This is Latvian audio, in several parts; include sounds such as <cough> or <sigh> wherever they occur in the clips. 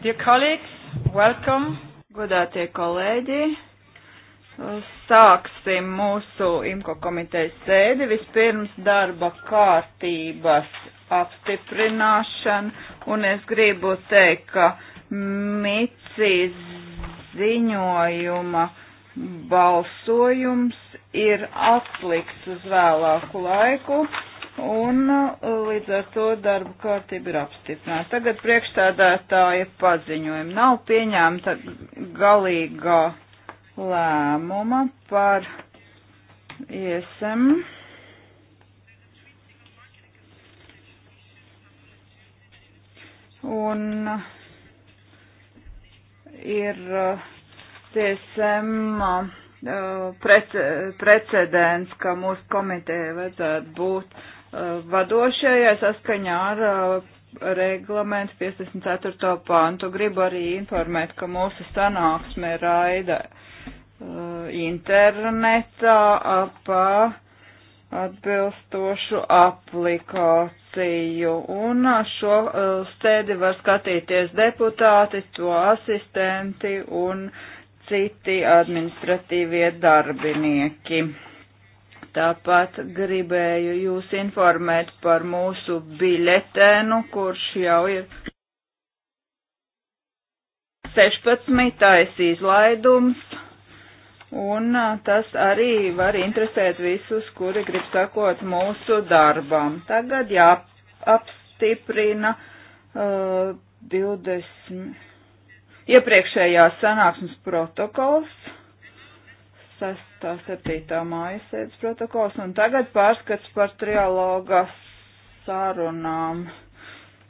Dear colleagues, welcome. Godātie kolēģi, sāksim mūsu IMCO komitejas sēdi. Vispirms darba kārtības apstiprināšana, un es gribu teikt, ka Micis ziņojuma balsojums ir atlikts uz vēlāku laiku Un uh, līdz ar to darba kārtība ir apstiprināta. Tagad priekšstādātāja paziņojumi nav pieņemta galīgā lēmuma par iesem. Un uh, ir uh, tiesam uh, prece, precedents, ka mūsu komiteja vajadzētu būt uh, vadošajai saskaņā ar uh, reglamentu 54. pantu. Gribu arī informēt, ka mūsu sanāksme raida uh, internetā pa atbilstošu aplikāciju. Un šo uh, stēdi var skatīties deputāti, to asistenti un citi administratīvie darbinieki. Tāpat gribēju jūs informēt par mūsu biļetēnu, kurš jau ir 16. izlaidums, un tas arī var interesēt visus, kuri grib sakot mūsu darbam. Tagad jāapstiprina uh, 20. iepriekšējās sanāksmes protokols. 6. 7. māja sēdes protokols, un tagad pārskats par trialoga sarunām.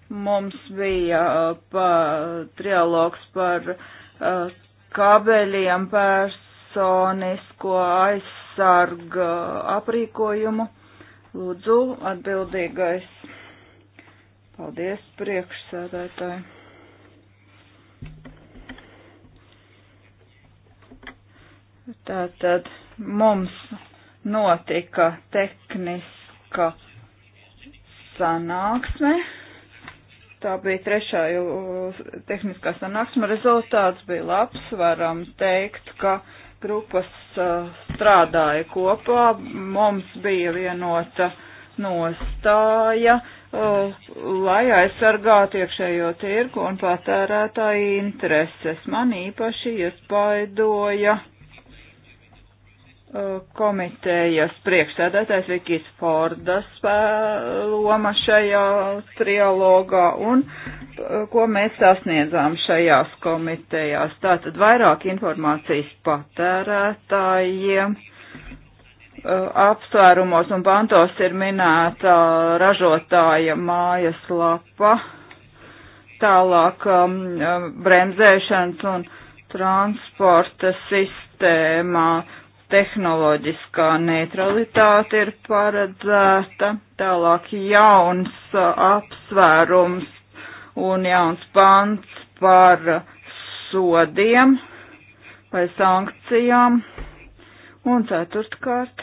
Mums bija uh, pa, trialogs par uh, kabeļiem personisko aizsarga aprīkojumu. Lūdzu, atbildīgais. Paldies, priekšsēdētāji. Tātad mums notika tehniska sanāksme. Tā bija trešā tehniskā sanāksme. Rezultāts bija labs. Varam teikt, ka grupas strādāja kopā. Mums bija vienota nostāja, lai aizsargātu iekšējo tirgu un patērētāju intereses. Man īpaši iespaidoja. Ja komitejas priekšsēdētājs Vikijs Fordas loma šajā trialogā un ko mēs sasniedzām šajās komitejās. Tātad vairāk informācijas patērētājiem. Apsvērumos un pantos ir minēta ražotāja mājas lapa, tālāk um, bremzēšanas un transporta sistēmā uh, tehnoloģiskā neutralitāte ir paredzēta, tālāk jauns uh, apsvērums un jauns pants par sodiem vai sankcijām. Un ceturtkārt,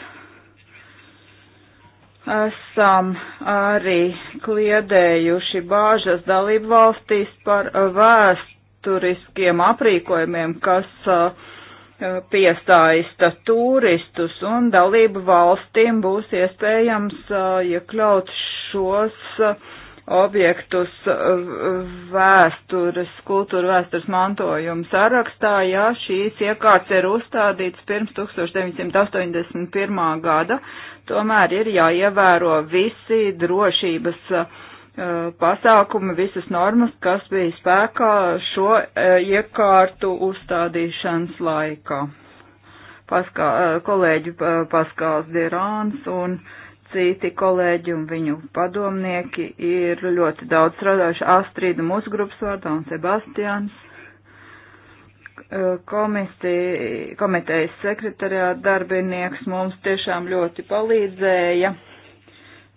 esam arī kliedējuši bāžas dalību valstīs par vēsturiskiem aprīkojumiem, kas uh, Uh, piesaista turistus un dalību valstīm būs iespējams uh, iekļaut šos uh, objektus vēstures, kultūra vēstures mantojuma sarakstā, ja šīs iekārts ir uzstādīts pirms 1981. gada, tomēr ir jāievēro visi drošības uh, Uh, pasākumi, visas normas, kas bija spēkā šo uh, iekārtu uzstādīšanas laikā. Paskā, uh, kolēģi Paskāls Dierāns un citi kolēģi un viņu padomnieki ir ļoti daudz strādājuši Astrīda mūsu grupas vārdā un Sebastians. Komiti, komitejas sekretariāt darbinieks mums tiešām ļoti palīdzēja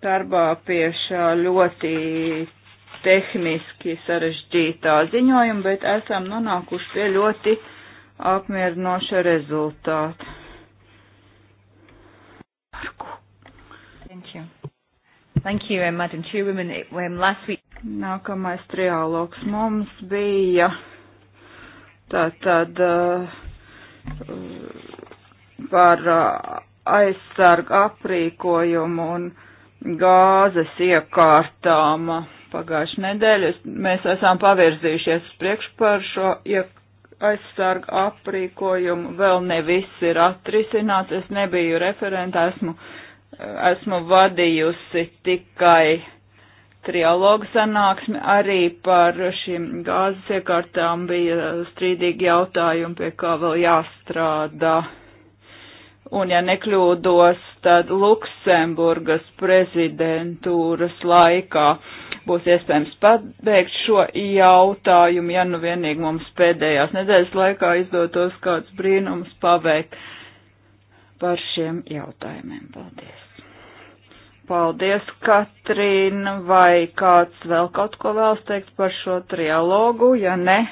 darbā pie šā ļoti tehniski sarežģītā ziņojuma, bet esam nonākuši pie ļoti apmierinoša rezultāta. Thank you. Thank you, Madam Chairwoman. Um, last week... Nākamais trialogs mums bija tātad uh, par uh, aizsargu aprīkojumu un uh, gāzes iekārtām. Pagājušajā nedēļā mēs esam pavirzījušies uz priekšu par šo aizsargu aprīkojumu. Vēl ne viss ir atrisināts. Es nebiju referenta, esmu, esmu vadījusi tikai trialogu sanāksmi. Arī par šīm gāzes iekārtām bija strīdīgi jautājumi, pie kā vēl jāstrādā un, ja nekļūdos, tad Luksemburgas prezidentūras laikā būs iespējams pabeigt šo jautājumu, ja nu vienīgi mums pēdējās nedēļas laikā izdotos kāds brīnums paveikt par šiem jautājumiem. Paldies! Paldies, Katrīna, vai kāds vēl kaut ko vēlas teikt par šo trialogu, ja ne?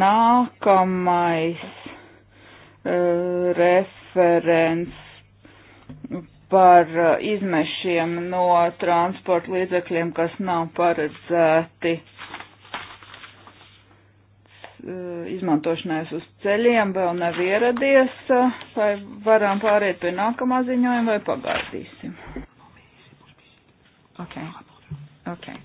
Nākamais referents par uh, izmešiem no transporta līdzekļiem, kas nav paredzēti uh, izmantošanai uz ceļiem, vēl nav ieradies. Uh, vai varam pāriet pie nākamā ziņojuma vai pagaidīsim? Okay. Okay.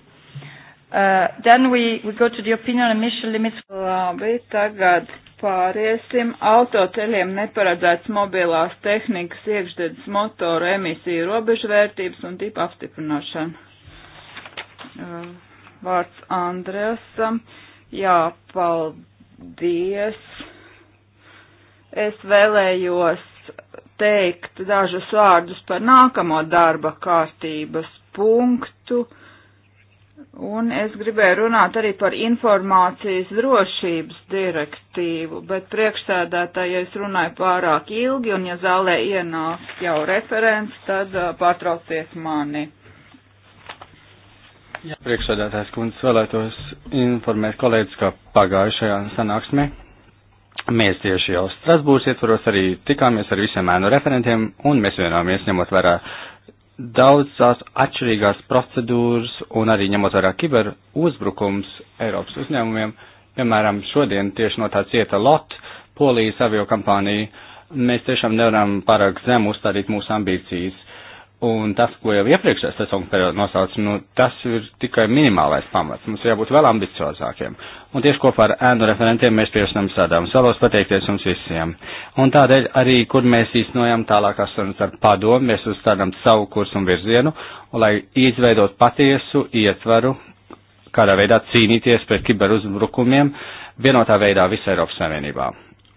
Uh, then we, we go to the opinion emission limits. Labi, tagad Pāriesim autoceļiem neparedzēts mobilās tehnikas iekšdedzes motoru emisiju robežvērtības un tipu apstiprināšana. Uh, vārds Andresam. Jā, paldies. Es vēlējos teikt dažus vārdus par nākamo darba kārtības punktu. Uh, Un es gribēju runāt arī par informācijas drošības direktīvu, bet priekšsēdētāji, ja es runāju pārāk ilgi un ja zālē ienāk jau referents, tad uh, pārtrauciet mani. Jā, priekšsēdētājs kundze vēlētos informēt kolēģis, ka pagājušajā sanāksmē mēs tieši jau Strasbūras ietvaros arī tikāmies ar visiem ēnu referentiem un mēs vienojāmies ņemot vērā daudzās atšķirīgās procedūras un arī ņemot vērā kiber uzbrukums Eiropas uzņēmumiem. Piemēram, šodien tieši no tā cieta LOT, Polijas aviokampānija, mēs tiešām nevaram pārāk zem uzstādīt mūsu ambīcijas. Un tas, ko jau iepriekšējā sezonu periodā nosauc, nu, tas ir tikai minimālais pamats. Mums jābūt vēl ambiciozākiem. Un tieši kopā ar ēnu referentiem mēs piešanām sādāmus. Vēlos pateikties jums visiem. Un tādēļ arī, kur mēs īstenojam tālākās sarunas ar padomu, mēs uzstādām savu kursu un virzienu, un, lai izveidot patiesu ietvaru, kādā veidā cīnīties pret kiberuzbrukumiem vienotā veidā visā Eiropas Savienībā.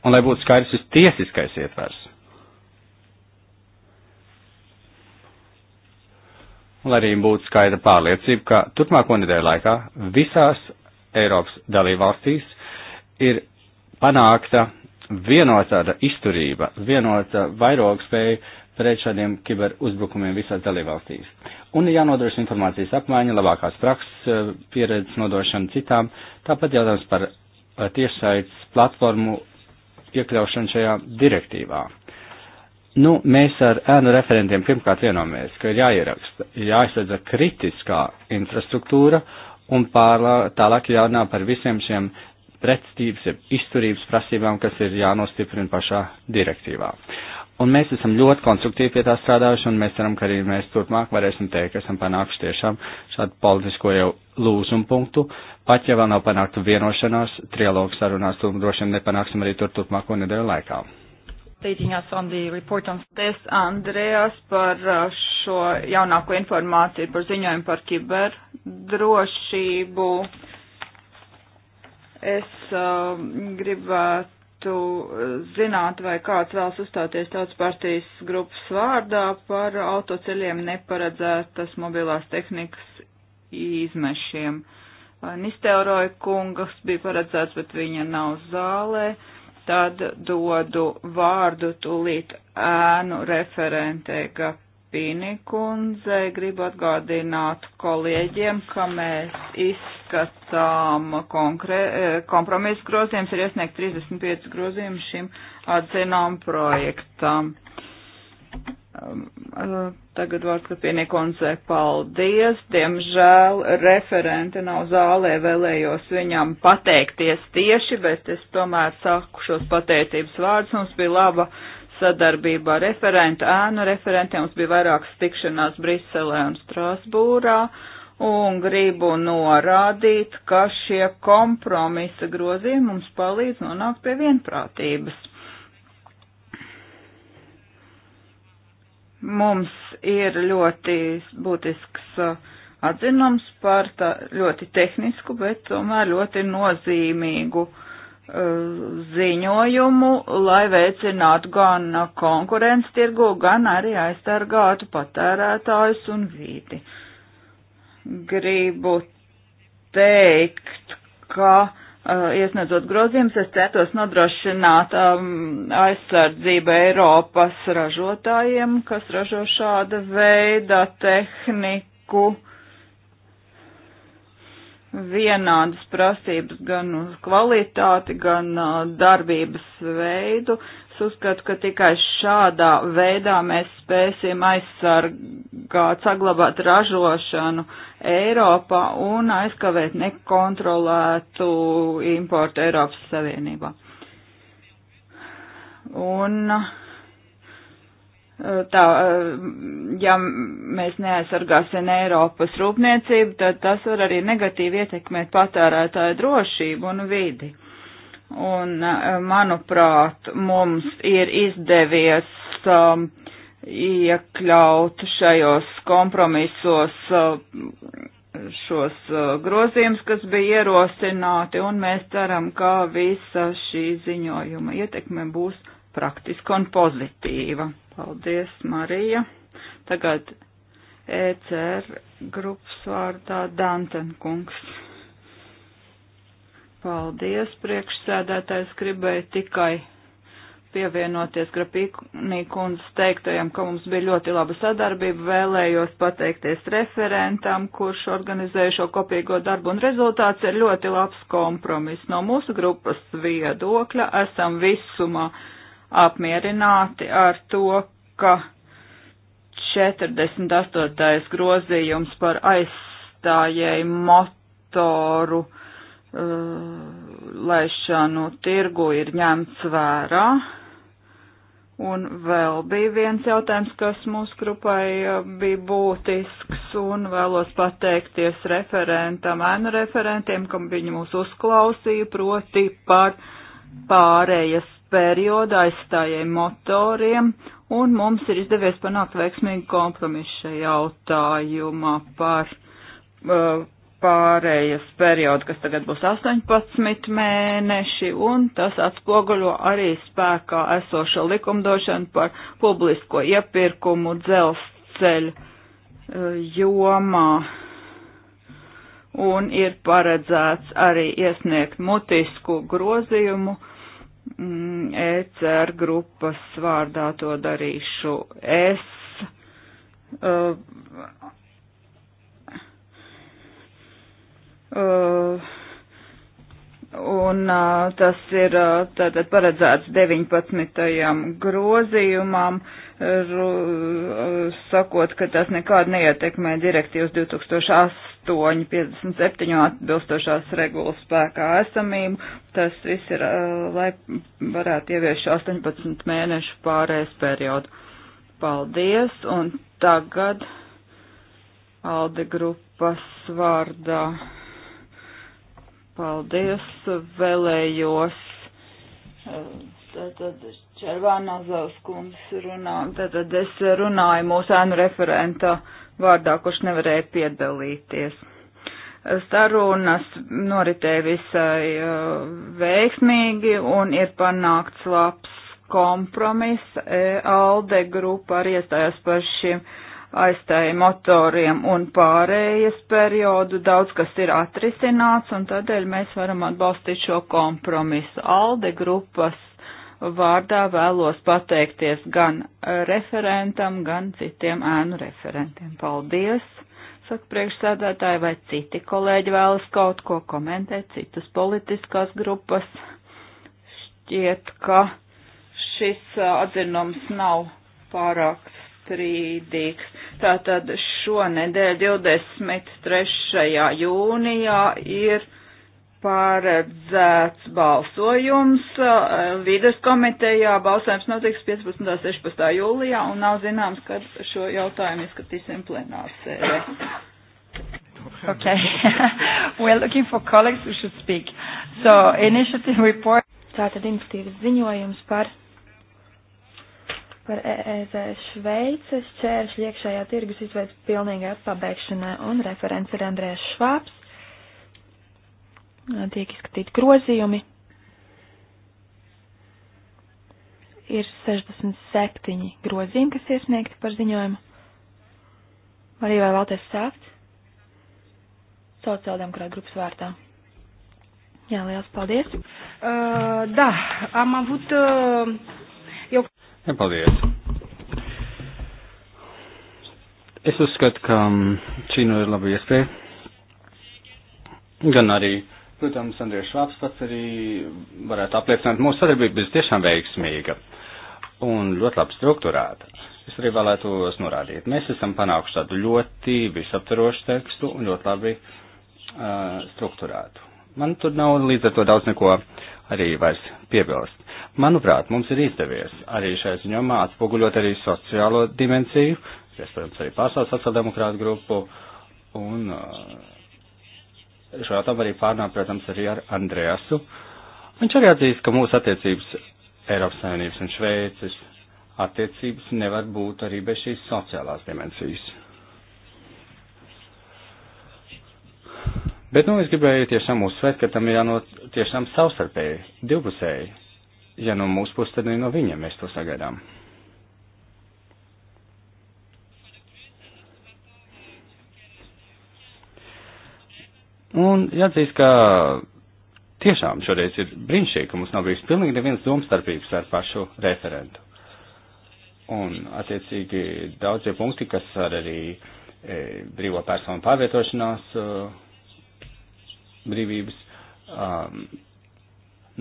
Un lai būtu skaidrs tiesiskais ietvers lai arī būtu skaidra pārliecība, ka turpmāko nedēļu laikā visās Eiropas dalībvalstīs ir panākta vienota izturība, vienota vairogspēja pret šādiem kiberuzbrukumiem visās dalībvalstīs. Un ir jānodrošina informācijas apmaiņa, labākās prakses, eh, pieredzes nodošana citām, tāpat jautājums par eh, tiešsaits platformu iekļaušanu šajā direktīvā. Nu, mēs ar ēnu referentiem pirmkārt vienomies, ka ir jāieraksta, jāizsardza kritiskā infrastruktūra un pārlā, tālāk jārunā par visiem šiem pretstības, izturības prasībām, kas ir jānostiprina pašā direktīvā. Un mēs esam ļoti konstruktīvi pie tā strādājuši, un mēs ceram, ka arī mēs turpmāk varēsim teikt, ka esam panākuši tiešām šādu politisko jau lūzumu punktu. Pat ja vēl nav panāktu vienošanās, trialogu sarunās, to droši vien nepanāksim arī tur turpmāko nedēļu laikā updating us on the report on. Paldies, Andrejas, par uh, šo jaunāko informāciju par ziņojumu par kiberdrošību. Es uh, gribētu zināt, vai kāds vēlas uzstāties tautas partijas grupas vārdā par autoceļiem neparedzētas mobilās tehnikas izmešiem. Nisteuroja kungas bija paredzēts, bet viņa nav zālē. Uh, tad dodu vārdu tūlīt ēnu referentei Gapini kundzei. Gribu atgādināt kolēģiem, ka mēs izskatām eh, kompromisu grozījums, ir iesniegt 35 grozījumu šim atzinām projektam. Uh, Um, uh, tagad vārds Kapieniekonzē, paldies. Diemžēl referente nav zālē, vēlējos viņam pateikties tieši, bet es tomēr saku šos pateicības vārdus. Mums bija laba sadarbība ar referentu, ēnu referentiem. Mums bija vairākas tikšanās Briselē un Strasbūrā. Un gribu norādīt, ka šie kompromisa grozījumi mums palīdz nonākt pie vienprātības Mums ir ļoti būtisks uh, atzinums par tā, ļoti tehnisku, bet tomēr ļoti nozīmīgu uh, ziņojumu, lai veicinātu gan konkurences tirgu, gan arī aizstargātu patērētājus un vīdi. Gribu teikt, ka Uh, iesniedzot grozījumus, es centos nodrošināt um, aizsardzību Eiropas ražotājiem, kas ražo šāda veida tehniku. Vienādas prasības gan uz kvalitāti, gan uh, darbības veidu. Uh, Es uzskatu, ka tikai šādā veidā mēs spēsim aizsargāt, saglabāt ražošanu Eiropā un aizkavēt nekontrolētu importu Eiropas Savienībā. Un tā, ja mēs neaizsargāsim Eiropas rūpniecību, tad tas var arī negatīvi ietekmēt patērētāju drošību un vidi. Un, eh, manuprāt, mums ir izdevies um, iekļaut šajos kompromisos uh, šos uh, grozījumus, kas bija ierosināti, un mēs ceram, ka visa šī ziņojuma ietekme būs praktiska un pozitīva. Paldies, Marija. Tagad ECR grupas vārdā Dantenkungs. Paldies, priekšsēdētājs gribēja tikai pievienoties Grapīnī kundzes teiktajam, ka mums bija ļoti laba sadarbība, vēlējos pateikties referentam, kurš organizēja šo kopīgo darbu, un rezultāts ir ļoti labs kompromiss. No mūsu grupas viedokļa esam visumā apmierināti ar to, ka 48. grozījums par aizstājēju motoru uh, Eh, laišanu tirgu ir ņemts vērā. Un vēl bija viens jautājums, kas mūsu grupai eh, bija būtisks, un vēlos pateikties referentam, ēnu referentiem, kam viņi mūs uzklausīja, proti par pārējas periodu aizstājai motoriem, un mums ir izdevies panākt veiksmīgu kompromisu šajā jautājumā par uh, pārējas periodu, kas tagad būs 18 mēneši, un tas atspoguļo arī spēkā esošo likumdošanu par publisko iepirkumu dzelzceļu eh, jomā. Un ir paredzēts arī iesniegt mutisku grozījumu. Mm, ECR grupas vārdā to darīšu es eh, Uh, un uh, tas ir uh, tātad paredzēts 19. grozījumam, ru, uh, sakot, ka tas nekādi neietekmē direktīvas 2008-57 atbilstošās regulas spēkā esamību. Tas viss ir, uh, lai varētu ievieš 18 mēnešu pārējais periodu. Paldies, un tagad Alde grupas vārdā. Paldies, vēlējos. Eh, tātad Červānazovs kundze runā, tātad es runāju mūsu ēnu referenta vārdā, kurš nevarēja piedalīties. Sarunas noritēja visai eh, veiksmīgi un ir panākts labs kompromiss. E Alde grupa arī iestājās par šiem aizstāja motoriem un pārējas periodu, daudz kas ir atrisināts, un tādēļ mēs varam atbalstīt šo kompromisu. Alde grupas vārdā vēlos pateikties gan referentam, gan citiem ēnu referentiem. Paldies! Saka priekšsēdētāji, vai citi kolēģi vēlas kaut ko komentēt, citas politiskās grupas. Šķiet, ka šis atzinums nav pārāk strīdīgs. Tātad šonedēļ 23. jūnijā ir paredzēts balsojums. Eh, Vides komitejā balsojums notiks 15. un 16. jūlijā un nav zināms, kad šo jautājumu izskatīsim plenārsēdē. Okay. <laughs> We're looking for colleagues who should speak. So, initiative report. Tātad iniciatīvas ziņojums par par EEZ Šveices čēršļu iekšējā tirgus izveids pilnīgai pabeigšanai un referents ir Andrēs Švāps. Tiek izskatīti grozījumi. Ir 67 grozījumi, kas iesniegti par ziņojumu. Arī vai vēlaties sākt? Sociāldemokrāta grupas vārtā. Jā, liels paldies. Uh, da, am avut uh, Ja, paldies! Es uzskatu, ka mm, šī nu ir laba iespēja. Gan arī, protams, Andrija Švāps pats arī varētu apliecināt, mūsu sadarbība bija tiešām veiksmīga un ļoti labi strukturēta. Es arī vēlētos norādīt, mēs esam panākuši tādu ļoti visaptarošu tekstu un ļoti labi uh, strukturētu. Man tur nav līdz ar to daudz neko arī vairs piebilst. Manuprāt, mums ir izdevies arī šai ziņomā atspoguļot arī sociālo dimensiju, es, protams, arī pārstāvu sociāldemokrātu grupu, un uh, šo jautājumu arī pārnāk, protams, arī ar Andreasu. Viņš arī atzīst, ka mūsu attiecības Eiropas Savienības un Šveices attiecības nevar būt arī bez šīs sociālās dimensijas. Bet, nu, es gribēju tiešām uzsvērt, ka tam ir jānot tiešām savstarpēji, divpusēji. Ja no mūsu puses, tad arī nu, no viņa mēs to sagaidām. Un jāatzīst, ka tiešām šoreiz ir brīnišķīgi, ka mums nav bijis pilnīgi neviens domstarpības ar pašu referentu. Un, attiecīgi, daudzie punkti, kas ar arī e, brīvo personu pārvietošanās. E, brīvības, um,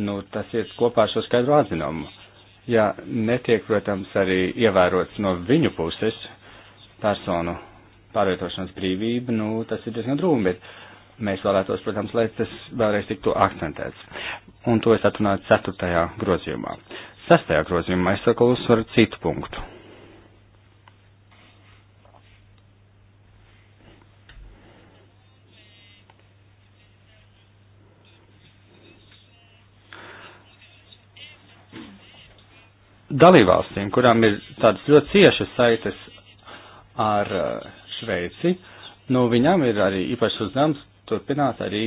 nu, tas iet kopā ar šo skaidru atzinumu. Ja netiek, protams, arī ievērots no viņu puses personu pārvietošanas brīvība, nu, tas ir diezgan drūmi, bet mēs vēlētos, protams, lai tas vēlreiz tiktu akcentēts. Un to es atrunāju ceturtajā grozījumā. Sestajā grozījumā es saku uzsvaru citu punktu. dalībvalstīm, kurām ir tādas ļoti ciešas saites ar eh, Šveici, nu viņam ir arī īpašs uzdevums turpināt arī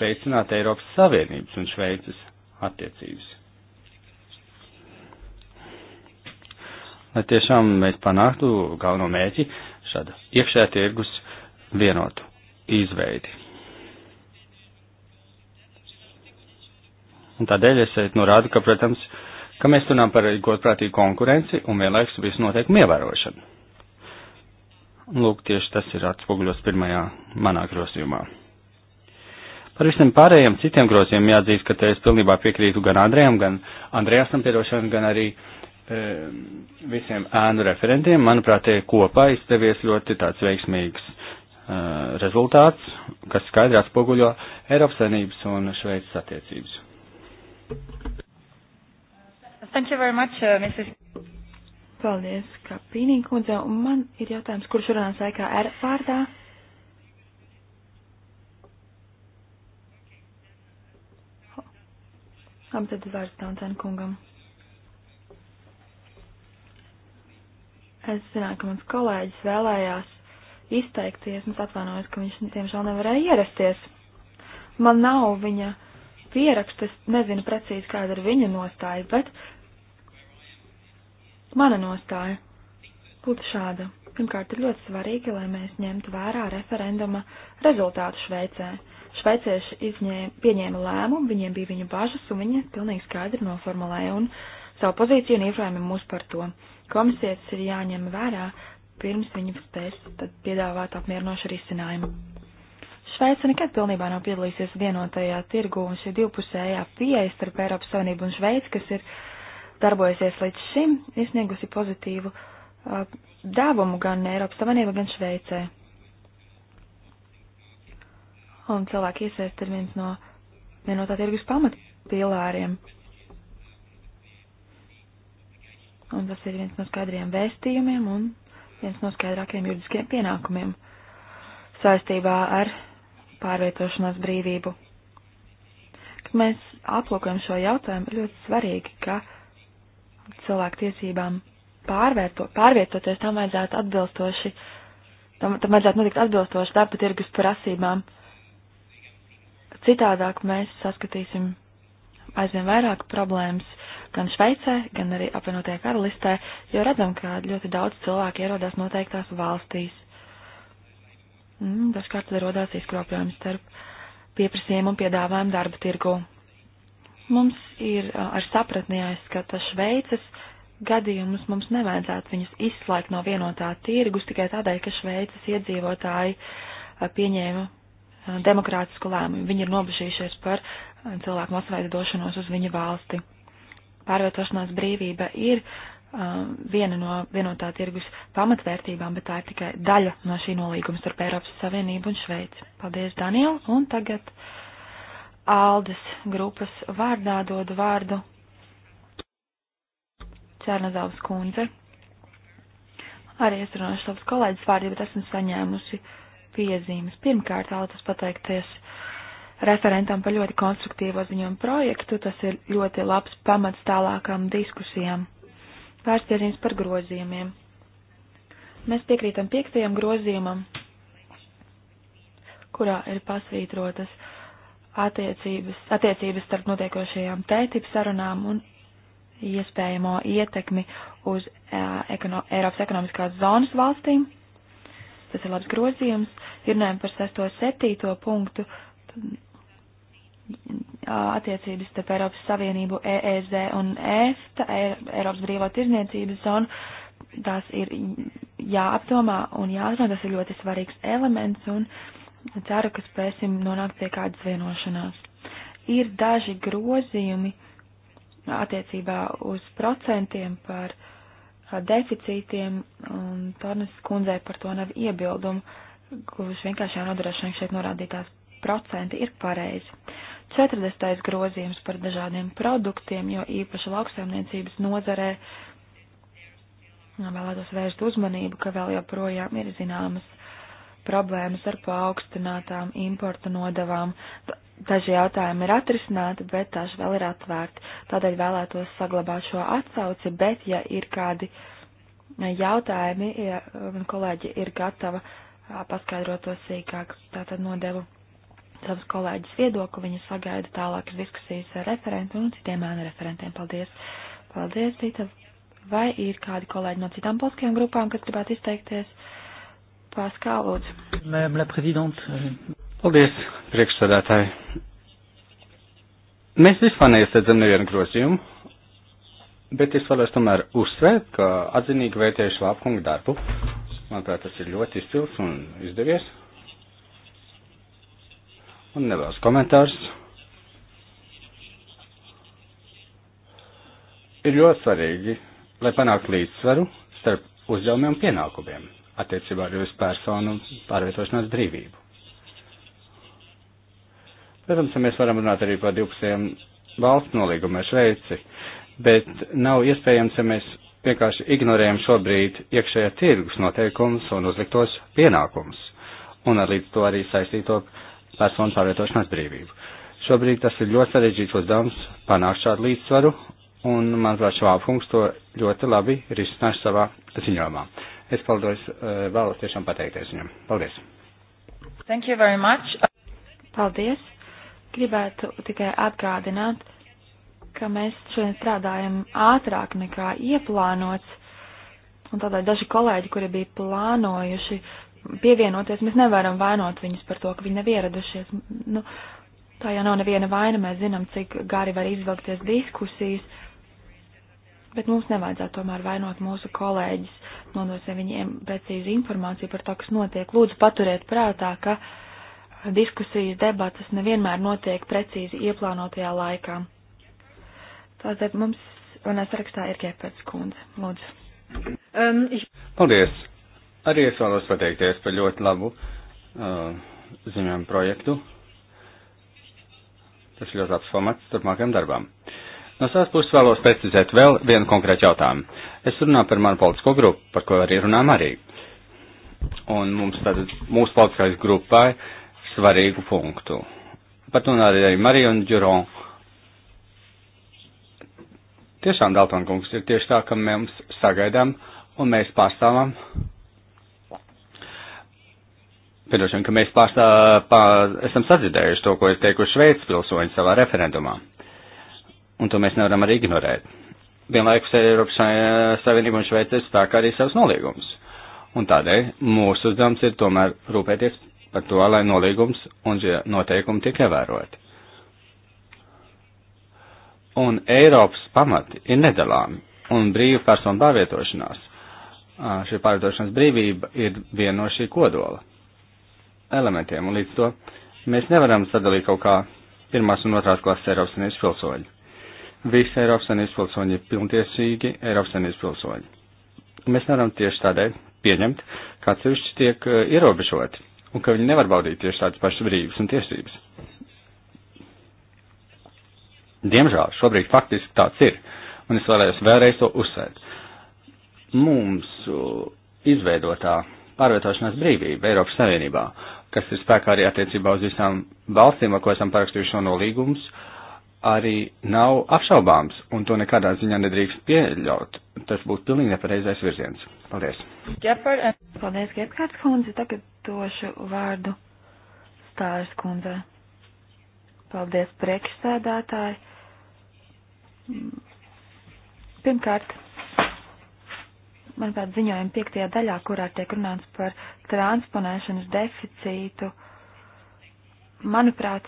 veicināt Eiropas Savienības un Šveices attiecības. Lai tiešām mēs panāktu galveno mērķi šāda iekšējā tirgus vienotu izveidi. Un tādēļ es šeit norādu, ka, protams, uh, ka mēs runājam par godprātīgu konkurenci un vienlaikus visu noteikumu ievērošanu. Lūk, tieši tas ir atspoguļos pirmajā manā grozījumā. Par visiem pārējiem citiem grozījumiem jāatzīst, ka te es pilnībā piekrītu gan Andrejam, gan Andrejasam piedošanu, gan arī e, visiem ēnu referentiem. Manuprāt, te kopā izdevies ļoti tāds veiksmīgs e, rezultāts, kas skaidri atspoguļo Eiropas Savienības un Šveicas attiecības. Thank you very much, uh, Mrs. Paldies, Kapīnī kundze. Un man ir jautājums, kurš runās EKR vārdā? Labi, tad vārds Tancēna kungam. Es zināju, ka mans kolēģis vēlējās izteikties, un es atvainojos, ka viņš tiemžēl nevarēja ierasties. Man nav viņa pierakstu, es nezinu precīzi, kāda ir viņa nostāja, bet Mana nostāja būtu šāda. Pirmkārt, ir ļoti svarīgi, lai mēs ņemtu vērā referenduma rezultātu Šveicē. Šveicieši izņēma, pieņēma lēmumu, viņiem bija viņu bažas, un viņi pilnīgi skaidri noformulēja un savu pozīciju un ievēlēja mūs par to. Komisijas ir jāņem vērā, pirms viņi spēs piedāvāt apmierinošu risinājumu. Šveice nekad pilnībā nav piedalīsies vienotajā tirgu, un šī divpusējā pieeja starp Eiropas Savienību un Šveici, kas ir darbojusies līdz šim, izsniegusi pozitīvu uh, dāvumu gan Eiropas Savienībā, gan Šveicē. Un cilvēki iesaist ir viens no vienotā tirgus pamatpilāriem. Un tas ir viens no skaidriem vēstījumiem un viens no skaidrākiem juridiskiem pienākumiem saistībā ar pārvietošanās brīvību. Kad mēs aplūkojam šo jautājumu, ir ļoti svarīgi, ka cilvēku tiesībām pārvērto, pārvietoties, tam vajadzētu atbilstoši, tam, tam vajadzētu notikt atbilstoši darba tirgus prasībām. Citādāk mēs saskatīsim aizvien vairāk problēmas gan Šveicē, gan arī apvienotajā karalistē, jo redzam, ka ļoti daudz cilvēku ierodās noteiktās valstīs. Dažkārt radās izkropļojums starp pieprasījumu un piedāvājumu darba tirgu. Mums ir ar sapratni jāizskata Šveices gadījumus, mums nevajadzētu viņus izslēgt no vienotā tirgus tikai tādēļ, ka Šveices iedzīvotāji pieņēma demokrātisku lēmumu. Viņi ir nobežījušies par cilvēku masveidu došanos uz viņu valsti. Pārvietošanās brīvība ir viena no vienotā tirgus pamatvērtībām, bet tā ir tikai daļa no šī nolīguma starp Eiropas Savienību un Šveici. Paldies, Daniel, un tagad. Uh, Aldes grupas vārdā dodu vārdu Černazavas kundze. Arī es runāšu savus kolēģus vārdu, bet esmu saņēmusi piezīmes. Pirmkārt, vēlētos pateikties referentam par ļoti konstruktīvo ziņojumu projektu. Tas ir ļoti labs pamats tālākām diskusijām. Pārspiežījums par grozījumiem. Mēs piekrītam piektajam grozījumam, kurā ir pasvītrotas uh, attiecības, attiecības starp notiekošajām tētības sarunām un iespējamo ietekmi uz ekono, Eiropas ekonomiskās zonas valstīm. Tas ir labs grozījums. Runājot par 6.7. punktu, attiecības starp Eiropas Savienību, EEZ un EFTA, Eiropas brīvā tirzniecības zonu, tās ir jāapdomā un jāatrunā, tas ir ļoti svarīgs elements, un Ceru, ka spēsim nonākt pie kādas vienošanās. Ir daži grozījumi attiecībā uz procentiem par uh, deficītiem, un Tornes kundzei par to nav iebildumu, kurš vienkārši jānodrošina šeit norādītās procenti ir pareizi. 40. grozījums par dažādiem produktiem, jo īpaši lauksaimniecības nozarē vēlētos vērst uzmanību, ka vēl joprojām ir zināmas problēmas ar paaugstinātām importa nodavām. Daži jautājumi ir atrisināti, bet daži vēl ir atvērti. Tādēļ vēlētos saglabāt šo atsauci, bet ja ir kādi jautājumi, ja man kolēģi ir gatava paskaidrot to sīkāk, tātad nodevu savus kolēģis viedokli, viņi sagaida tālākas diskusijas ar referentu un citiem ēnu referentiem. Paldies! Paldies, Rita! Vai ir kādi kolēģi no citām politiskajām grupām, kas gribētu izteikties? Uh, Paskāl, lūdzu. Mēm, la prezident. Euh, Paldies, priekšsādātāji. Mēs vispār neiesniedzam nevienu grozījumu, bet es vēlos tomēr uzsvērt, ka atzinīgi vērtēju Švābkungu darbu. Manuprāt, tas ir ļoti izcils un izdevies. Un neliels komentārs. Ir ļoti svarīgi, lai panāktu līdzsvaru starp uzdevumiem un pienākumiem attiecībā arī uz personu pārvietošanās brīvību. Protams, ja mēs varam runāt arī par divpusējiem valsts nolīgumu ar Šveici, bet nav iespējams, ja mēs vienkārši ignorējam šobrīd iekšējā tirgus noteikumus un uzliktos pienākumus un ar līdz to arī saistīto personu pārvietošanās brīvību. Šobrīd tas ir ļoti sarežģīts uzdevums panākt šādu līdzsvaru, un, manuprāt, Švābkungs to ļoti labi risināšu savā ziņojumā. Es paldies, eh, vēlos tiešām pateikties viņam. Paldies! Thank you very much. Paldies! Gribētu tikai atgādināt, ka mēs šodien strādājam ātrāk nekā ieplānots, un tādēļ daži kolēģi, kuri bija plānojuši pievienoties, mēs nevaram vainot viņus par to, ka viņi nav ieradušies. Nu, tā jau nav neviena vaina, mēs zinām, cik gari var izvilkties diskusijas, Bet mums nevajadzētu tomēr vainot mūsu kolēģis, nodosim viņiem precīzi informāciju par to, kas notiek. Lūdzu, paturiet prātā, ka diskusijas debatas nevienmēr notiek precīzi ieplānotajā laikā. Tātad mums, un es rakstā ir Kepēc kundze. Lūdzu. Um, ich... Paldies. Arī es vēlos pateikties par ļoti labu uh, ziņojumu projektu. Tas ļoti labs pamats turpmākajam darbam. Uh, No savas puses vēlos precizēt vēl vienu konkrētu jautājumu. Es runāju par manu politisko grupu, par ko arī runājam arī. Un mums tad, mūsu politiskais grupai svarīgu punktu. Par to runāja arī Marija un Džuron. Tiešām, Dalton kungs, ir tieši tā, ka mēs sagaidām un mēs pārstāvam. Piedošana, ka mēs pārstāv, pār, esam sadzirdējuši to, ko ir teikuši Šveicis pilsoņi savā referendumā un to mēs nevaram arī ignorēt. Vienlaikus Eiropas Savienība un Šveice spēkā arī savus noliegumus. Un tādēļ mūsu uzdevums ir tomēr rūpēties par to, lai nolīgums un noteikumi tiek ievēroti. Un Eiropas pamati ir nedalāmi, un brīva persona pārvietošanās, šī pārvietošanās brīvība ir viena no šī kodola elementiem, un līdz to mēs nevaram sadalīt kaut kā pirmās un otrās klases Eiropas Savienības pilsoņu visi Eiropas Savienības pilsoņi ir pilntiesīgi Eiropas Savienības pilsoņi. Mēs nevaram tieši tādēļ pieņemt, ka atsevišķi tiek eh, ierobežoti un ka viņi nevar baudīt tieši tādas pašas brīvības un tiesības. Diemžēl šobrīd faktiski tāds ir, un es vēlējos vēlreiz to uzsvērt. Mums eh, izveidotā pārvietošanās brīvība Eiropas Savienībā, kas ir spēkā arī attiecībā uz visām valstīm, ar ko esam parakstījuši šo nolīgumus, uh, arī nav apšaubāms, un to nekādā ziņā nedrīkst pieļaut. Tas būtu pilnīgi nepareizais virziens. Paldies. Ģepard, eh, paldies, Gepkārt kundze. Tagad došu vārdu stāvis kundze. Paldies, priekšsēdētāji. Pirmkārt, manuprāt, ziņojuma piektajā daļā, kurā tiek runāts par transponēšanas deficītu, manuprāt,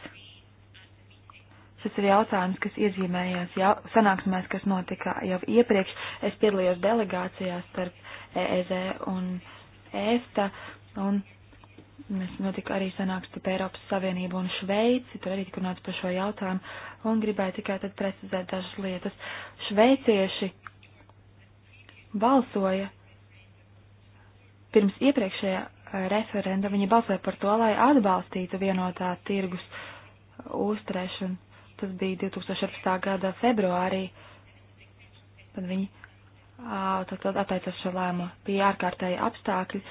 Šis ir jautājums, kas iezīmējās jau, sanāksmēs, kas notika jau iepriekš. Es piedalījos delegācijās starp EEZ un EFTA, un mēs notika arī sanāksme par Eiropas Savienību un Šveici, tur arī tika runāts par šo jautājumu, un gribēju tikai tad precizēt dažas lietas. Šveicieši balsoja pirms iepriekšējā eh, referenda, viņi balsoja par to, lai atbalstītu vienotā tirgus uzturēšanu tas bija 2014. gada februārī, tad viņi tad, tad atteicās šo lēmu. Bija ārkārtēji apstākļi,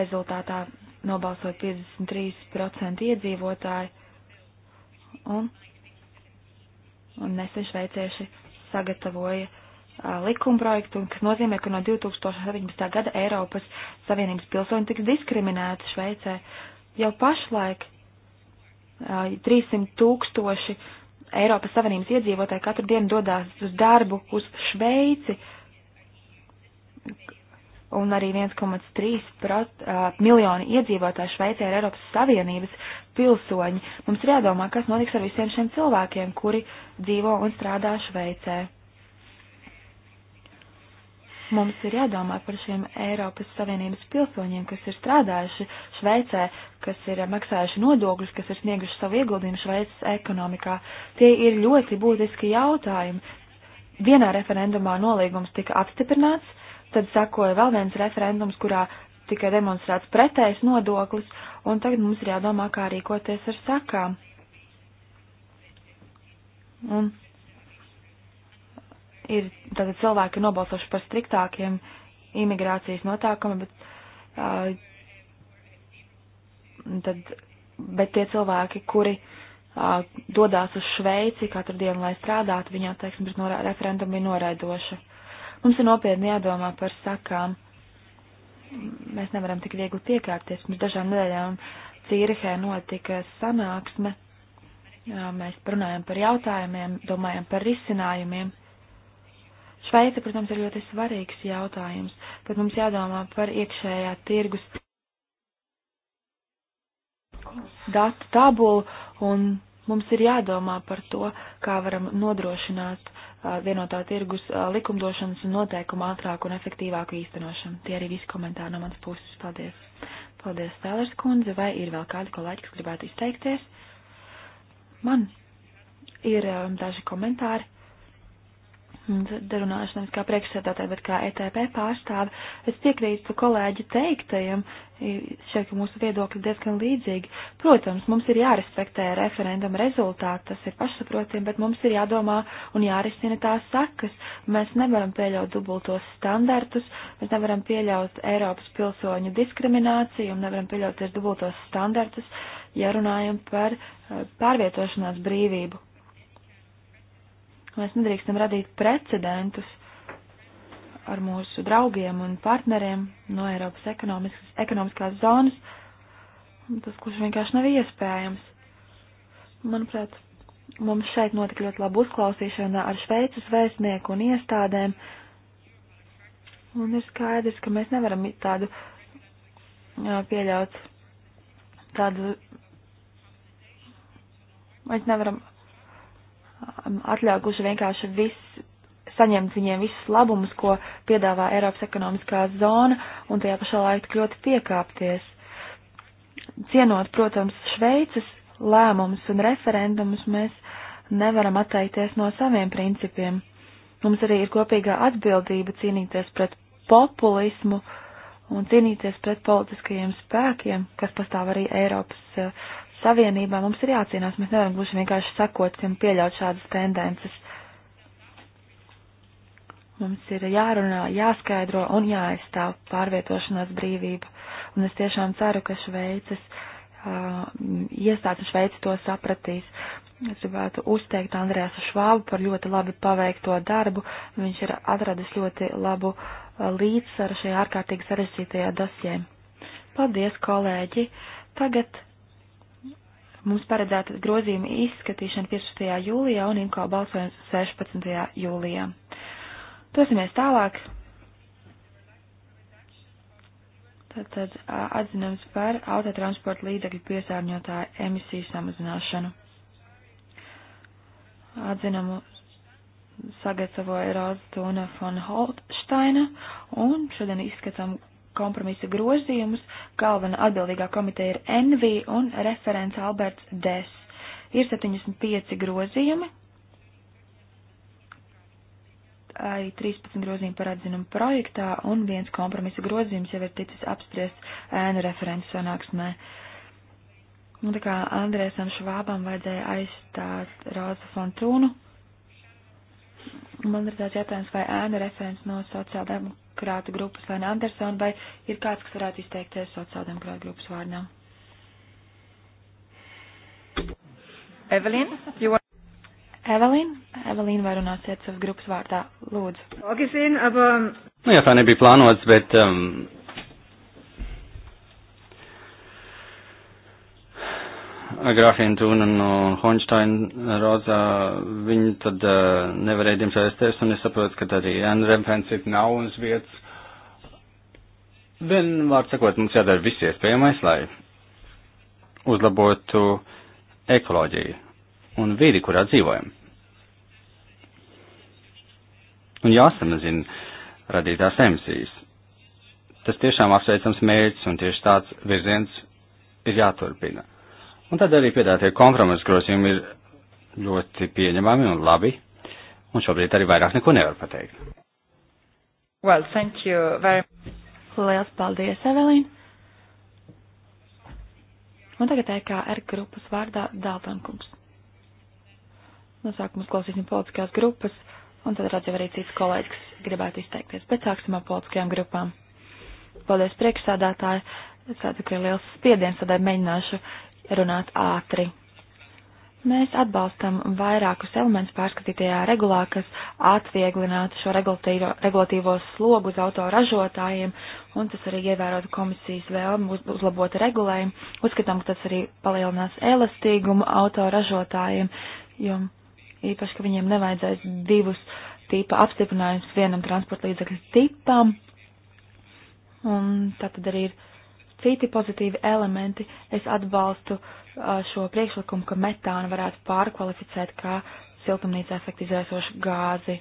rezultātā nobalsot 53% iedzīvotāji, un, un nesen šveicieši sagatavoja likumprojektu, kas nozīmē, ka no 2017. gada Eiropas Savienības pilsoņi tiks diskriminēti Šveicē. Jau pašlaik 300 tūkstoši Eiropas Savienības iedzīvotāji katru dienu dodās uz darbu uz Šveici, un arī 1,3 miljoni iedzīvotāju Šveicē ir Eiropas Savienības pilsoņi. Mums ir jādomā, kas notiks ar visiem šiem cilvēkiem, kuri dzīvo un strādā Šveicē. Mums ir jādomā par šiem Eiropas Savienības pilsoņiem, kas ir strādājuši Šveicē, kas ir maksājuši nodokļus, kas ir snieguši savu ieguldījumu Šveices ekonomikā. Tie ir ļoti būtiski jautājumi. Vienā referendumā nolīgums tika apstiprināts, tad sakoja vēl viens referendums, kurā tika demonstrēts pretējs nodoklis, un tagad mums ir jādomā, kā rīkoties ar sakām. Un ir tātad cilvēki nobalsoši par striktākiem imigrācijas notākumiem, bet, uh, tad, bet tie cilvēki, kuri uh, dodās uz Šveici katru dienu, lai strādātu, viņā, teiksim, pret norā, referendumu bija noraidoša. Mums ir nopietni jādomā par sakām. Mēs nevaram tik viegli piekārties. Pirms dažām nedēļām Cīrihē notika sanāksme. Uh, mēs runājam par jautājumiem, domājam par risinājumiem Šveice, protams, ir ļoti svarīgs jautājums, bet mums jādomā par iekšējā tirgus datu tabulu, un mums ir jādomā par to, kā varam nodrošināt uh, vienotā tirgus uh, likumdošanas un noteikumu ātrāku un efektīvāku īstenošanu. Tie arī visi komentāri no manas puses. Paldies! Paldies, Tēlers kundze, vai ir vēl kādi kolēģi, kas gribētu izteikties? Man ir um, daži komentāri runāšu nevis kā priekšsēdētāji, bet kā ETP pārstāvi, es piekrītu kolēģi teiktajam, šeit, ka mūsu viedokļi diezgan līdzīgi. Protams, mums ir jārespektē referenduma rezultāti, tas ir pašsaprotami, bet mums ir jādomā un jārisina tās sakas. Mēs nevaram pieļaut dubultos standartus, mēs nevaram pieļaut Eiropas pilsoņu diskrimināciju un nevaram pieļaut ir dubultos standartus, ja runājam par eh, pārvietošanās brīvību Mēs nedrīkstam radīt precedentus ar mūsu draugiem un partneriem no Eiropas ekonomiskās zonas. Tas, kurš vienkārši nav iespējams. Manuprāt, mums šeit notika ļoti laba uzklausīšana ar Šveices vēstnieku un iestādēm. Un ir skaidrs, ka mēs nevaram tādu jā, pieļaut tādu. Mēs nevaram atļauguši vienkārši viss saņemt viņiem visus labumus, ko piedāvā Eiropas ekonomiskā zona, un tajā pašā laikā ļoti piekāpties. Cienot, protams, Šveices lēmumus un referendumus, mēs nevaram atteikties no saviem principiem. Mums arī ir kopīgā atbildība cīnīties pret populismu un cīnīties pret politiskajiem spēkiem, kas pastāv arī Eiropas eh, Savienībā mums ir jācīnās, mēs nevaram gluži vienkārši sakot un pieļaut šādas tendences. Mums ir jārunā, jāskaidro un jāaizstāv pārvietošanās brīvība. Un es tiešām ceru, ka Šveices uh, iestādes Šveici to sapratīs. Es gribētu uzteikt Andrēsu Švābu par ļoti labi paveikto darbu. Viņš ir atradis ļoti labu līdzsvaru šajā ārkārtīgi sarežģītajā dosjē. Paldies, kolēģi! Tagad mums paredzēta grozījuma izskatīšana 15. jūlijā un imko balsojums 16. jūlijā. Dosimies tālāk. Tātad atzinums par autotransporta līdzekļu piesārņotāju emisiju samazināšanu. Atzinumu sagatavoja Roza Tūna von Holsteina un šodien izskatām kompromisa grozījumus. Galvena atbildīgā komiteja ir NV un referents Alberts Des. Ir 75 grozījumi, arī 13 grozījumi par atzinumu projektā un viens kompromisa grozījums jau ir ticis apspriests ēnu referents sanāksmē. Un nu, tā kā Andrēsam Švābam vajadzēja aizstāt Roza Fontūnu, man ir tāds jautājums, vai ēnu referents no sociāldemokrāta demokrātu grupas vai Andersona, vai ir kāds, kas varētu izteikties sociāldemokrātu grupas vārdā? Evelīna, jo. Evelīna, Evelīna vai runāsiet savas grupas vārdā, lūdzu. Augustīna, ap. Um, nu, jā, tā nebija plānots, bet um, Grāhina Tūna un no Honštaina Rozā, viņi tad uh, nevarēja diemžēl ēsties, un es saprotu, ka arī Anremfensip nav uz vietas. Vien vārds sakot, mums jādara viss iespējamais, lai uzlabotu ekoloģiju un vidi, kurā dzīvojam. Un jāsamazina radītās emisijas. Tas tiešām apsveicams mērķis, un tieši tāds virziens ir jāturpina. Un tad arī piedātie kompromisu grozījumi ir ļoti pieņemami un labi, un šobrīd arī vairāk neko nevar pateikt. Well, thank you very much. Liels paldies, Evelīna. Un tagad EKR grupas vārdā Dāltankungs. No sākuma klausīsim politiskās grupas, un tad redzu arī cits kolēģis, kas gribētu izteikties, bet sāksim ar politiskajām grupām. Paldies priekšsādātāji, es redzu, ka ir liels spiediens, tad mēģināšu runāt ātri. Mēs atbalstam vairākus elementus pārskatītajā regulā, kas atvieglinātu šo regulatīvo, regulatīvo slogu uz autoražotājiem, un tas arī ievērot komisijas vēlmu uz, uzlabot regulējumu. Uzskatām, ka tas arī palielinās elastīgumu autoražotājiem, jo īpaši, ka viņiem nevajadzēs divus tipa apstiprinājumus vienam transporta līdzekļu tipam, un tā tad arī ir citi pozitīvi elementi. Es atbalstu uh, šo priekšlikumu, ka metānu varētu pārkvalificēt kā siltumnīca efektu izraisošu gāzi.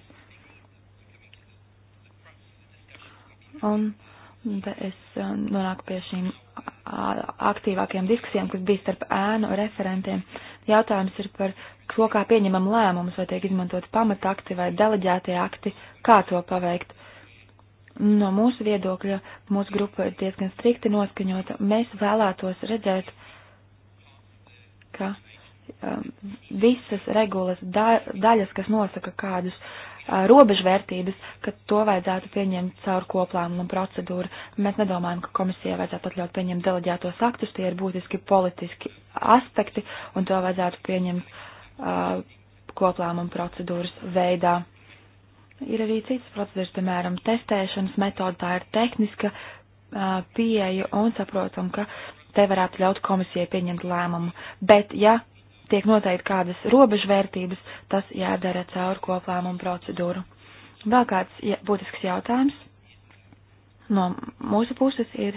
Un te es uh, nonāku pie šīm uh, aktīvākajām diskusijām, kas bija starp ēnu referentiem. Jautājums ir par to, kā pieņemam lēmumus, vai tiek izmantot pamatakti vai deleģētie akti, kā to paveikt. No mūsu viedokļa mūsu grupa ir diezgan strikti noskaņota. Mēs vēlētos redzēt, ka um, visas regulas da daļas, kas nosaka kādus uh, robežvērtības, ka to vajadzētu pieņemt caur koplēmumu procedūru. Mēs nedomājam, ka komisijai vajadzētu atļaut pieņemt deleģētos aktus, tie ir būtiski politiski aspekti, un to vajadzētu pieņemt uh, koplēmumu procedūras veidā. Ir arī citas procedūras, piemēram, testēšanas metoda, tā ir tehniska uh, pieeja un saprotam, ka te varētu ļaut komisijai pieņemt lēmumu. Bet, ja tiek noteikti kādas robežvērtības, tas jādara caur koplēmumu procedūru. Vēl kāds ja, būtisks jautājums no mūsu puses ir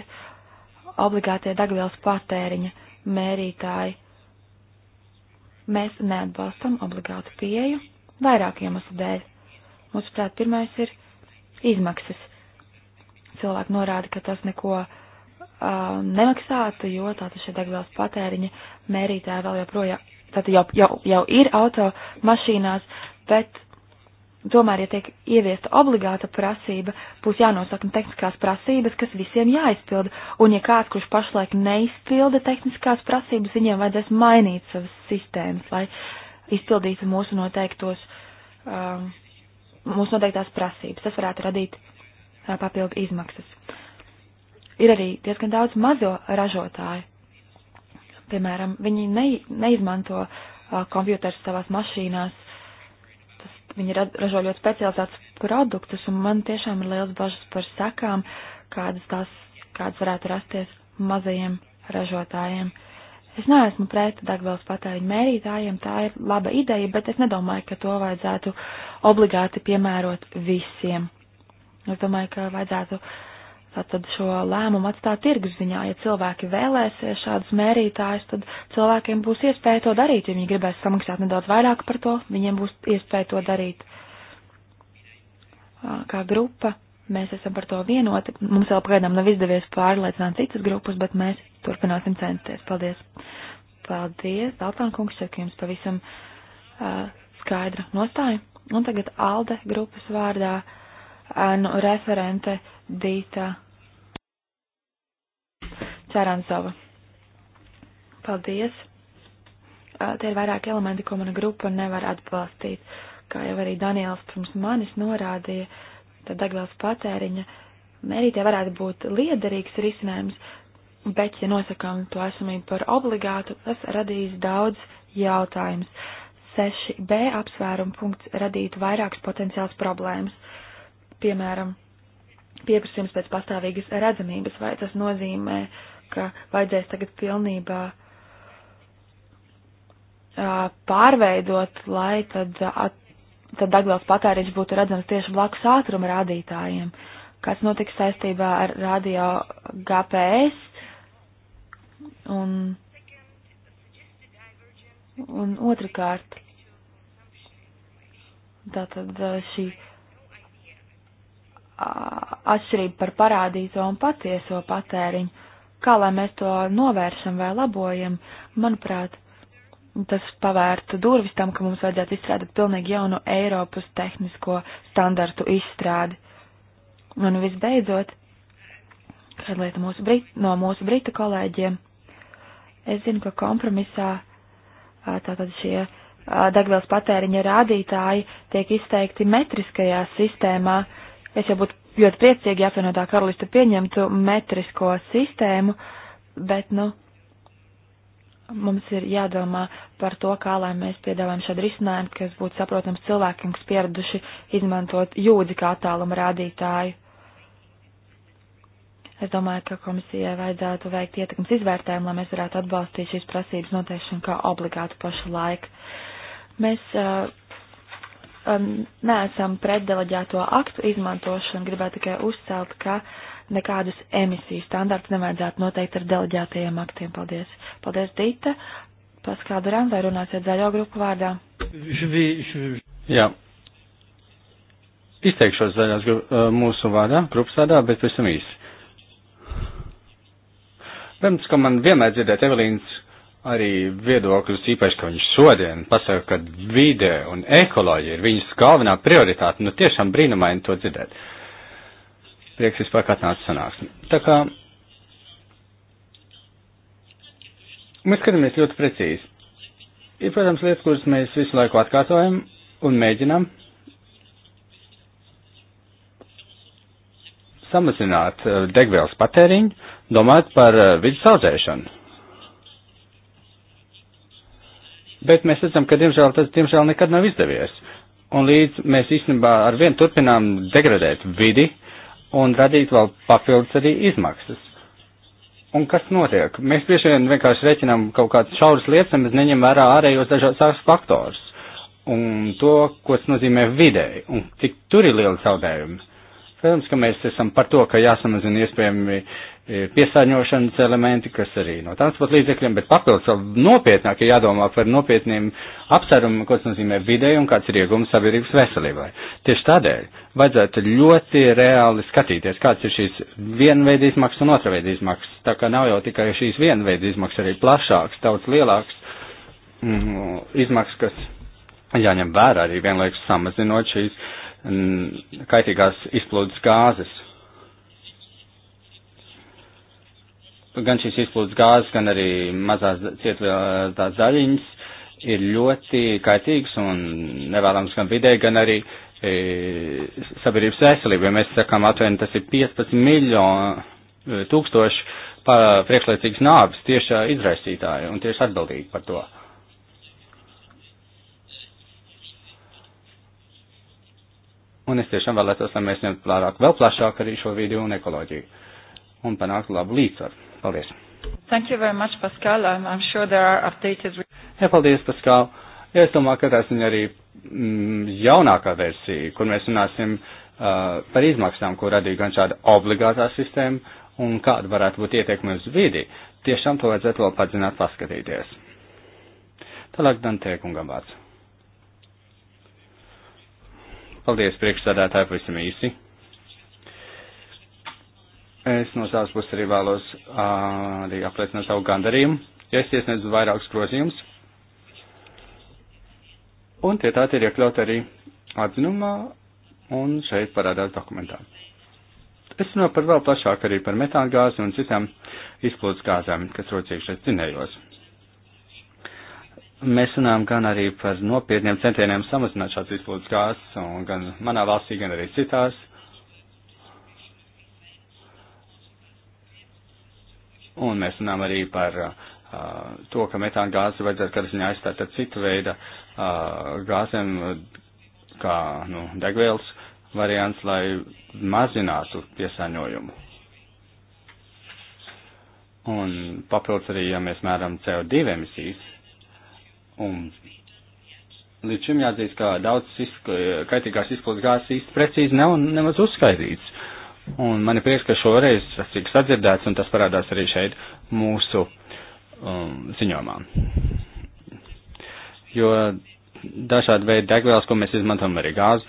obligātie degvielas patēriņa mērītāji. Mēs neatbalstam obligātu pieeju vairākiem iemeslu dēļ. Mūsuprāt, pirmais ir izmaksas. Cilvēki norāda, ka tas neko uh, nemaksātu, jo tātad šie degvielas patēriņa mērītāji vēl joprojām, tātad jau, jau, jau ir auto mašīnās, bet tomēr, ja tiek ieviesta obligāta prasība, būs jānosaka tehniskās prasības, kas visiem jāizpilda, un ja kāds, kurš pašlaik neizpilda tehniskās prasības, viņiem vajadzēs mainīt savas sistēmas, lai izpildītu mūsu noteiktos um, mūsu noteiktās prasības. Tas varētu radīt papildu izmaksas. Ir arī diezgan daudz mazo ražotāju. Piemēram, viņi ne, neizmanto kompjuters savās mašīnās. Tas, viņi ražo ļoti specializētus produktus, un man tiešām ir liels bažas par sekām, kādas tās, kādas varētu rasties mazajiem ražotājiem. Uh, Es neesmu pret degvielas patēriņu mērītājiem, tā ir laba ideja, bet es nedomāju, ka to vajadzētu obligāti piemērot visiem. Es domāju, ka vajadzētu tātad šo lēmumu atstāt tirgus ziņā. Ja cilvēki vēlēsies šādus mērītājus, tad cilvēkiem būs iespēja to darīt. Ja viņi gribēs samaksāt nedaudz vairāk par to, viņiem būs iespēja to darīt kā grupa Mēs esam par to vienoti. Mums vēl pagaidām nav izdevies pārliecināt citas grupas, bet mēs turpināsim censties. Paldies! Paldies, Daltāna kungs, ka jums pavisam uh, skaidra nostāja. Un tagad Alde grupas vārdā uh, nu, referente Dīta Čarantsova. Paldies! Uh, tie ir vairāki elementi, ko mana grupa nevar atbalstīt. Kā jau arī Daniels pirms manis norādīja, uh, tad degvielas patēriņa mērītē varētu būt liederīgs risinājums, bet, ja nosakām to esamību par obligātu, tas radīs daudz jautājumus. 6b apsvērumu punkts radītu vairākas potenciāls problēmas. Piemēram, pieprasījums pēc pastāvīgas redzamības, vai tas nozīmē, ka vajadzēs tagad pilnībā uh, pārveidot, lai tad at, tad degvielas patēriņš būtu redzams tieši blakus ātruma rādītājiem, kas notiks saistībā ar radio GPS. Un, un otrkārt, tātad šī atšķirība par parādīto un patieso patēriņu, kā lai mēs to novēršam vai labojam, manuprāt, Tas pavērtu durvis tam, ka mums vajadzētu izstrādāt pilnīgi jaunu Eiropas tehnisko standartu izstrādi. Un visbeidzot, kāda lieta mūsu brit, no mūsu brita kolēģiem, es zinu, ka kompromisā tātad šie degvielas patēriņa rādītāji tiek izteikti metriskajā sistēmā. Es jau būtu ļoti priecīgi, ja apvienotā karalista pieņemtu metrisko sistēmu, bet, nu, mums ir jādomā par to, kā lai mēs piedāvājam šādu risinājumu, kas būtu saprotams cilvēkiem, kas pieraduši izmantot jūdzi kā attāluma rādītāju. Es domāju, ka komisijai vajadzētu veikt ietekmes izvērtējumu, lai mēs varētu atbalstīt šīs prasības noteikšanu kā obligātu pašu laiku. Mēs uh, um, neesam pret deleģēto aktu izmantošanu, gribētu tikai uzcelt, ka uh, nekādus emisiju standartus nevajadzētu noteikt ar deleģētajiem aktiem. Paldies. Paldies, Dita. Paskādu Ram, vai runāsiet zaļo grupu vārdā? Jā. Izteikšos zaļās mūsu vārdā, grupas vārdā, bet pavisam īsi. Pirms, ka man vienmēr dzirdēt Evelīnas arī viedoklis, īpaši, ka viņš šodien pasaka, ka vide un ekoloģija ir viņas galvenā prioritāte, nu tiešām brīnumaini to dzirdēt. Uh, prieks vispār, ka atnāca sanāksme. Tā kā mēs skatāmies ļoti precīzi. Ir, protams, lietas, kuras mēs visu laiku atkārtojam un mēģinam samazināt eh, degvielas patēriņu, domāt par eh, vidus audzēšanu. Bet mēs redzam, ka, diemžēl, tas diemžēl nekad nav izdevies. Un līdz mēs īstenībā ar vienu turpinām degradēt vidi, uh, un radīt vēl papildus arī izmaksas. Un kas notiek? Mēs bieži vien vienkārši reķinām kaut kādas šauras lietas, un mēs neņem vērā ārējos dažādus faktors un to, ko tas nozīmē videi, un cik tur ir liela zaudējumi. Protams, ka mēs esam par to, ka jāsamazina iespējami e, piesārņošanas elementi, kas arī no transporta līdzekļiem, bet papildus vēl nopietnāk ir jādomā par nopietniem apsvērumiem, ko tas nozīmē videi un kāds ir iegums sabiedrības veselībai. Tieši tādēļ vajadzētu ļoti reāli skatīties, kāds ir šīs vienveida izmaksas un otrveida izmaksas. Tā kā nav jau tikai šīs vienveida izmaksas, arī plašāks, daudz lielāks mm, izmaksas, kas jāņem vērā arī vienlaikus samazinot šīs kaitīgās izplūdes gāzes. Gan šīs izplūdes gāzes, gan arī mazās cietlās daļiņas ir ļoti kaitīgas un nevēlams gan vidē, gan arī e, sabiedrības veselībai. Ja mēs sakām aptuveni, tas ir 15 miljonu e, tūkstoši priekšlaicīgas nāves tiešā izraisītāja un tieši atbildīgi par to. Uh, Un es tiešām vēlētos, lai mēs ņemtu plārāk, vēl plašāk arī šo vidi un ekoloģiju. Un panākt labu līdzsvaru. Paldies! Thank you very much, Pascal. I'm, I'm sure there are updated. Jā, paldies, Pascal. Ja es domāju, ka tas ir arī mm, jaunākā versija, kur mēs runāsim uh, par izmaksām, ko radīja gan šāda obligātā sistēma, un kāda varētu būt ieteikuma uz vidi. Tiešām to vajadzētu vēl padzināt, paskatīties. Tālāk Dantē kungam vārds. Paldies, priekšstādātāji, pavisam īsi. Es no savas puses arī vēlos arī apliecināt savu gandarījumu, ja es iesniedzu vairākus grozījumus. Un tie tādi ir iekļauti arī atzinumā un šeit parādās dokumentā. Es runāju par vēl plašāk arī par metāngāzi un citām izplūdes gāzēm, kas rocījušas dzinējos. Mēs runājam gan arī par nopietniem centieniem samazināt šāds izplūdes gāzes, un gan manā valstī, gan arī citās. Un mēs runājam arī par uh, to, ka metāna gāzi vajadzētu kādā ziņā aizstāt ar citu veidu uh, gāzēm, kā nu, degvielas variants, lai mazinātu piesāņojumu. Un papildus arī, ja mēs mēram CO2 emisijas, Un līdz šim jāatzīst, ka daudz izka, eh, kaitīgās izpildes gāzes īsti precīzi nav nemaz uzskaitīts. Un man ir prieks, ka šoreiz tas tika sadzirdēts, un tas parādās arī šeit mūsu um, ziņomā. Jo dažādi veidi degvielas, ko mēs izmantojam arī gāzi,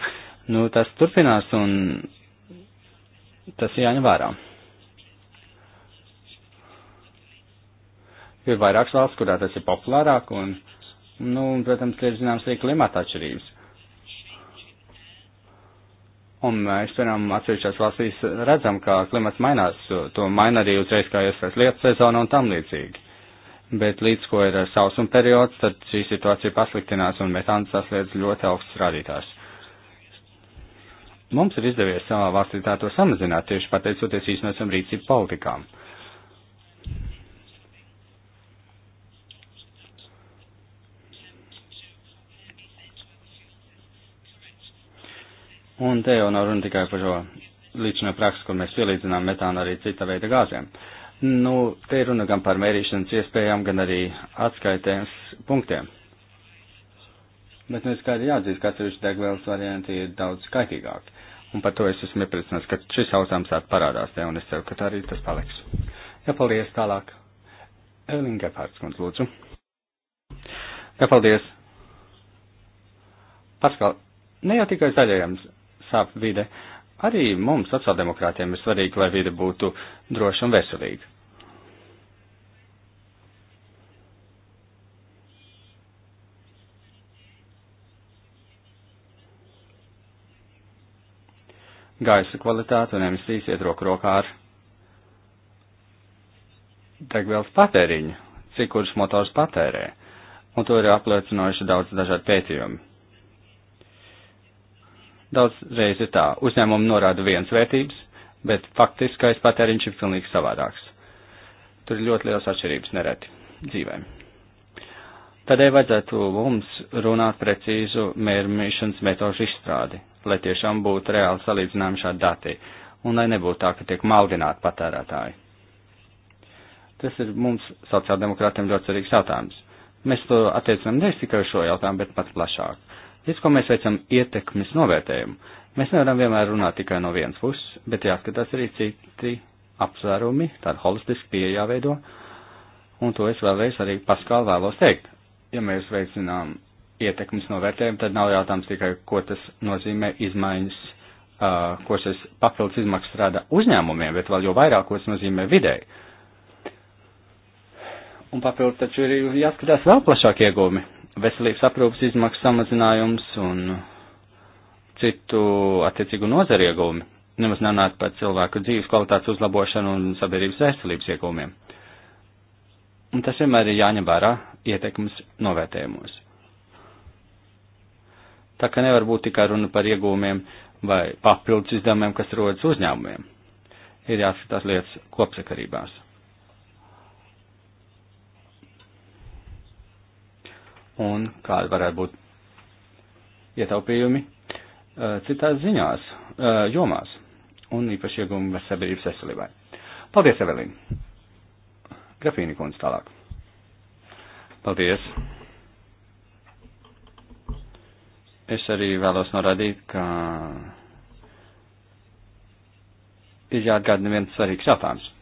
nu tas turpinās, un tas jāņem vērā. Ir vairākas valsts, kurā tas ir populārāk, un. Uh, Nu, un, protams, ir zināms arī klimata atšķirības. Un mēs, piemēram, atsevišķās valstīs redzam, ka klimats mainās, to maina arī uzreiz, kā iesaistās lietu sezona un tam līdzīgi. Bet līdz ko ir sausuma periods, tad šī situācija pasliktinās un metāns sasniedz ļoti augsts rādītājs. Mums ir izdevies savā valstī tā to samazināt tieši pateicoties īstenotam rīcību politikām. Uh, Un te jau nav runa tikai par šo līdzšino praksi, kur mēs pielīdzinām metānu arī cita veida gāzēm. Nu, te ir runa gan par mērīšanas iespējām, gan arī atskaitēms punktiem. Bet mēs nu, skaidri jāatzīst, ka atsevišķi degvielas varianti ir daudz skaitīgāki. Un par to es esmu iepriecināts, ka šis jautājums tā parādās te, un es ceru, ka tā arī tas paliks. Jā, paldies tālāk. Elinga Pārts, kundz, lūdzu. Jā, paldies. Paskal, ne jau tikai zaļajams sāp vide. Arī mums, sociāldemokrātiem, ir svarīgi, lai vide būtu droša un veselīga. Gaisa kvalitāte un emisijas iet roku rokā ar degvielas patēriņu, cik kurš motors patērē, un to ir apliecinājuši daudz dažādi pētījumi. Daudzreiz ir tā, uzņēmumi norāda viens vērtības, bet faktiskais patēriņš ir pilnīgi savādāks. Tur ir ļoti liels atšķirības nereti dzīvēm. Tādēļ vajadzētu mums runāt precīzu mērmīšanas metožu izstrādi, lai tiešām būtu reāli salīdzinājumi šādi dati, un lai nebūtu tā, ka tiek maldināti patērētāji. Tas ir mums sociāldemokrātiem ļoti svarīgs jautājums. Mēs to attiecinām ne tikai šo jautājumu, bet pat plašāk. Līdz ko mēs veicam ietekmes novērtējumu, mēs nevaram vienmēr runāt tikai no vienas puses, bet jāskatās arī citi apsvērumi, tāda holistiska pieeja jāveido, un to es vēlreiz arī Paskālu vēlos teikt. Ja mēs veicinām ietekmes novērtējumu, tad nav jautājums tikai, ko tas nozīmē izmaiņas, uh, ko šis papildus izmaksas rada uzņēmumiem, bet vēl jau vairāk, ko tas nozīmē videi. Un papildus taču ir jāskatās vēl plašāk iegūmi veselības aprūpas izmaksu samazinājums un citu attiecīgu nozaru iegūmi. Nemaz nenāk par cilvēku dzīves kvalitātes uzlabošanu un sabiedrības veselības iegūmiem. Un tas vienmēr ir jāņem vērā ietekmes novērtējumos. Tā kā nevar būt tikai runa par iegūmiem vai papildus izdevumiem, kas rodas uzņēmumiem. Ir jāskatās lietas kopsakarībās. un kādi varētu būt ietaupījumi eh, citās ziņās, eh, jomās un īpaši iegumi sabiedrības veselībai. Paldies, Evelīna! Grafīni kundze tālāk. Paldies! Es arī vēlos norādīt, ka ir jāatgādina viens svarīgs jautājums.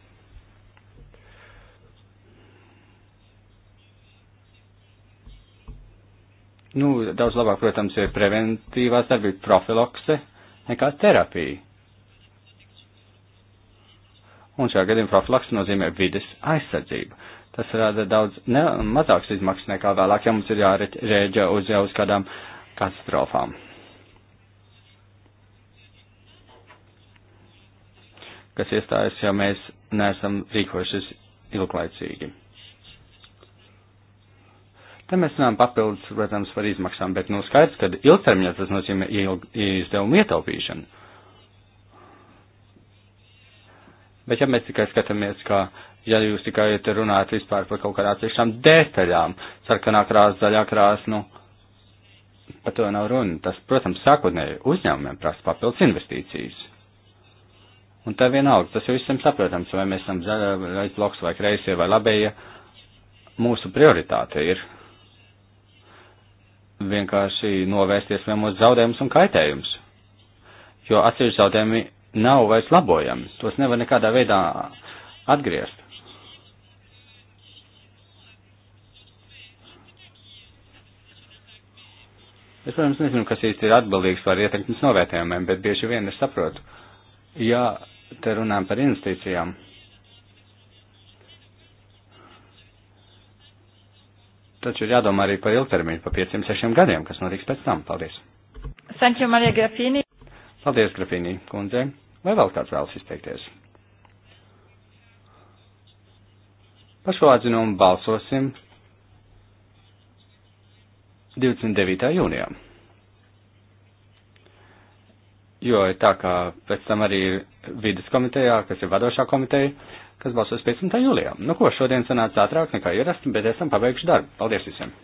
Nu, daudz labāk, protams, ir preventīvā darbība profilakse nekā terapija. Un šajā gadījumā profilakse nozīmē vides aizsardzību. Tas rada daudz ne, mazāks izmaksas nekā vēlāk, ja mums ir jārēģē uz jau uz kādām katastrofām. Kas iestājas, ja mēs neesam rīkojušies ilglaicīgi. Te mēs runājam papildus, protams, par izmaksām, bet nu no skaidrs, ka ilgtermiņā tas nozīmē izdevumu ietaupīšanu. Bet ja mēs tikai skatāmies, ka, ja jūs tikai runājat vispār par kaut kādām atsevišķām detaļām, sarkanā krāsa, zaļā krāsa, nu, par to nav runa. Tas, protams, sākotnēji uzņēmumiem prasa papildus investīcijas. Un tā vienalga, tas jau visiem saprotams, vai mēs esam zaļais bloks vai kreisie vai labējie, mūsu prioritāte ir vienkārši novērst iespējamos zaudējumus un kaitējumus. Jo atsevišķi zaudējumi nav vairs labojami, tos nevar nekādā veidā atgriezt. Es, protams, nezinu, kas īsti ir atbildīgs par ietekmes novērtējumiem, bet bieži vien es saprotu, ja te runājam par investīcijām, taču ir jādomā arī par ilgtermiņu, par pieciem, sešiem gadiem, kas notiks pēc tam. Paldies! Thank you, Marija Grafīnī. Paldies, Grafīnī kundze. Vai vēl kāds vēlas izteikties? Par šo atzinumu balsosim 29. jūnijā. Jo tā kā pēc tam arī vidas komitejā, kas ir vadošā komiteja, kas balsos 15. jūlijā. Nu ko, šodien sanāca ātrāk nekā ierasti, bet esam pabeiguši darbu. Paldies visiem!